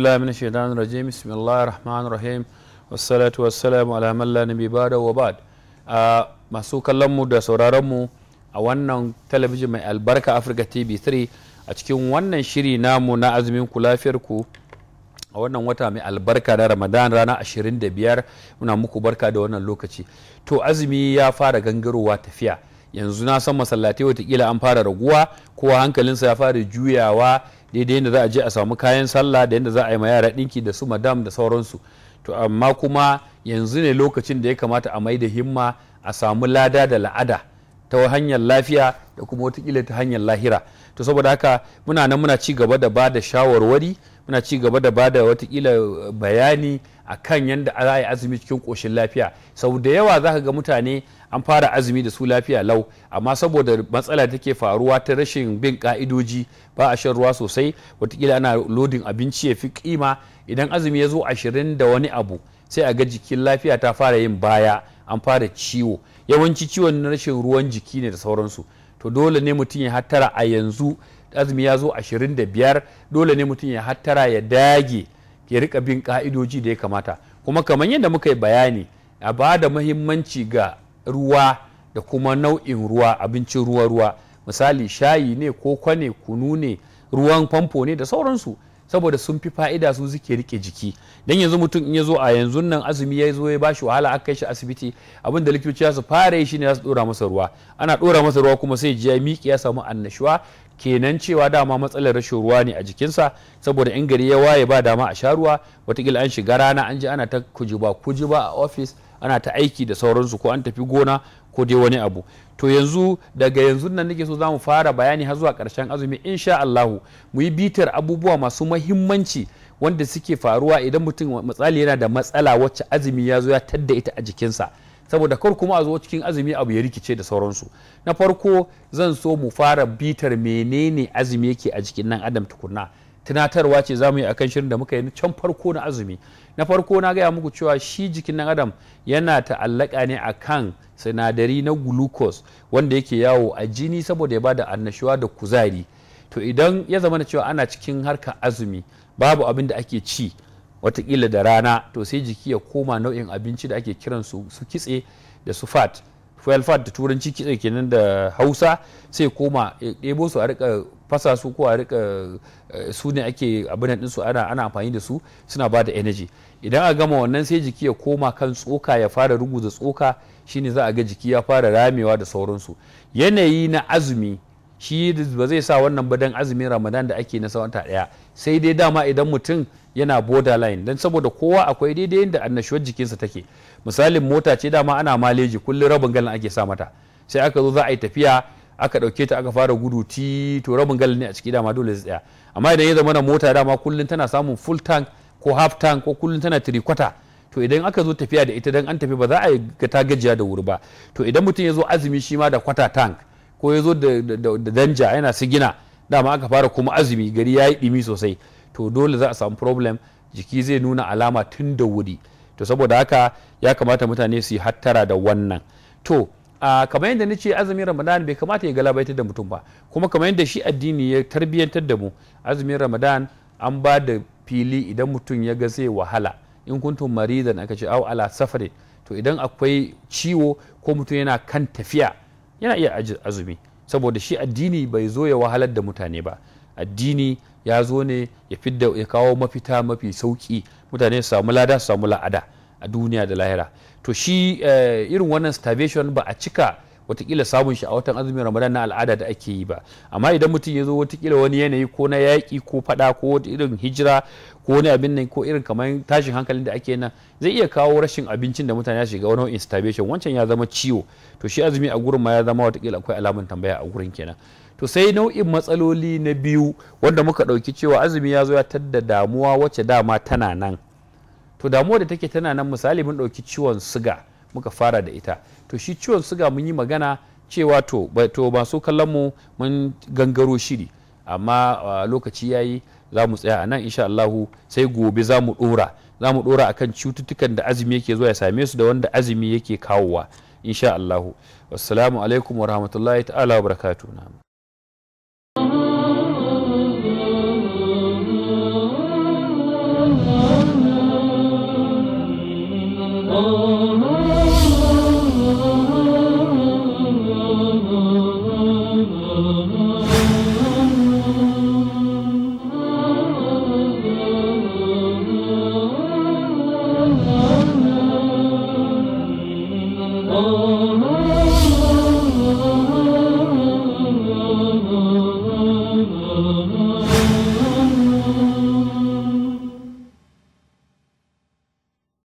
billahi min shaitanir rahim wassalatu wassalamu ala man la nabi ba'da wa ba'd masu kallon mu da sauraron mu a wannan talabijin mai albarka Africa TV 3 a cikin wannan shiri namu na azumin ku lafiyar ku a wannan wata mai albarka na Ramadan rana 25 muna muku barka da wannan lokaci to azumi ya fara gangarowa tafiya yanzu na san masallatai wata kila an fara raguwa kowa hankalinsa ya fara juyawa daidai yadda za a je a samu kayan sallah da yadda za a yi ma yara ɗinki da su madam da sauransu to amma kuma yanzu ne lokacin da ya kamata a mai da himma a samu lada da la'ada ta hanyar lafiya da kuma watakila ta hanyar lahira to saboda haka muna nan muna ci gaba da ba da shawarwari muna ci gaba da ba da watakila bayani a kan yadda za a yi azumi cikin ƙoshin lafiya sau da yawa za ka ga mutane an fara azumi da su lafiya lau amma saboda matsala da take faruwa ta rashin bin ka'idoji ba a shan ruwa sosai watakila ana lodin abinci ya fi kima idan azumi ya zo ashirin da wani abu sai a ga jikin lafiya ta fara yin baya an fara ciwo yawanci ciwon na rashin ruwan jiki ne da sauransu to dole ne mutum ya hattara a yanzu azumi ya zo ashirin da biyar dole ne mutum ya hattara ya dage ya rika bin ka'idoji da ya kamata kuma kamar yadda muka yi bayani a ba da mahimmanci ga ruwa da kuma nau'in ruwa abincin ruwa ruwa misali shayi ne ko kwane kunu ne ruwan famfo ne da sauransu saboda sun fi fa'ida su suke rike jiki dan yanzu mutum in ya zo a yanzu nan azumi ya zo ya ba shi wahala aka kai shi asibiti abin da likitoci su fara yi shine za su dora masa ruwa ana dora masa ruwa kuma sai ji ya miƙe ya samu annashuwa kenan cewa dama matsalar rashin ruwa ne a jikinsa saboda in gari ya waye ba dama a sha ruwa watakila an shiga rana an ji ana ta kujiba kujiba a ofis ana ta aiki da sauransu ko an tafi gona ko dai wani abu to yanzu daga yanzu nan nake so zamu fara bayani har zuwa karshen azumi insha Allahu mu yi bitar abubuwa masu muhimmanci wanda suke faruwa idan mutum misali yana da matsala wacce azumi ya zo ya tadda ita a jikinsa saboda kar kuma a zo cikin azumi abu ya rikice da sauransu na farko zan so mu fara bitar menene azumi yake a jikin nan adam tukunna tunatarwa ce za mu yi akan shirin da muka yi can farko na azumi na farko na gaya muku cewa shi jikin nan adam yana ta'allaka ne akan sinadari na glucose wanda yake yawo a jini saboda ya bada annashuwa da kuzari to idan ya zama cewa ana cikin harkar azumi babu abin da ake ci watakila da rana to sai jiki ya koma nau'in abinci da ake kiran su kitse da su fat fuel fat da turanci kitse kenan da hausa sai koma ɗebo su a rika fasa su ko a rika eh, su ne ake abin din su ana amfani da su suna ba da energy idan a gama wannan sai jiki ya koma kan tsoka ya fara rubuta tsoka shine za a ga jiki ya fara ramewa da sauransu yanayi na azumi shi ba zai sa wannan ba dan azumin ramadan da ake na wata daya sai dai dama idan mutum yana borderline don saboda kowa akwai daidai da annashuwar jikinsa take misalin mota ce dama ana maleji kullum rabin galan ake sa mata sai aka zo za a yi tafiya aka ɗauke ta aka fara gudu ti to rabin galan ne a ciki dama dole zai tsaya amma idan ya zama na mota dama kullum tana samun full tank ko half tank ko kullum tana tirikwata to idan aka zo tafiya da ita dan an tafi ba za a yi ta gajiya da wuri ba to idan mutum ya zo azumi shi ma da kwata tank ko ya zo da danja yana su gina dama aka fara kuma azumi gari ya yi ɗimi sosai to dole za a samu problem jiki zai nuna alama tun da wuri to saboda haka ya kamata mutane su yi hattara da wannan to a kamar yadda na ce azumin ramadan bai kamata ya galabaitar da mutum ba kuma kamar yadda shi addini ya tarbiyyantar da mu azumin ramadan an ba da fili idan mutum ya ga zai wahala in kuntum maridan aka ce au ala safarin to idan akwai ciwo ko mutum yana kan tafiya yana iya azumi saboda shi addini bai zo ya wahalar da mutane ba addini ya zo ne ya fidda ya kawo mafita mafi sauki mutane su samu lada su samu la'ada a duniya da lahira to shi eh, irin wannan starvation ba a cika watakila samun shi a watan azumin ramadan na al'ada da ake yi ba amma idan mutum ya zo watakila wani yanayi ko na yaƙi ko faɗa ko irin hijira ko wani abin nan ko irin kamar tashin hankalin da ake nan zai iya kawo rashin abincin da mutane ya shiga wani instabation wancan ya zama ciwo to shi azumi a gurin ma ya zama watakila akwai alamun tambaya a gurin kenan to sai nau'in matsaloli na biyu wanda muka ɗauki cewa azumi ya zo ya tar da damuwa wacce dama tana nan to damuwa da take tana nan misali mun ɗauki ciwon suga. muka fara da ita to shi ciwon suga mun yi magana cewa to masu kallon mu mun gangaro shiri amma lokaci yayi za mu tsaya a nan insha Allahu sai gobe za mu dora za mu dora akan cututtukan da azumi yake zuwa ya same su da wanda azumi yake kawowa insha Allahu wassalamu alaikum wa rahmatullahi ta'ala wa barakatuh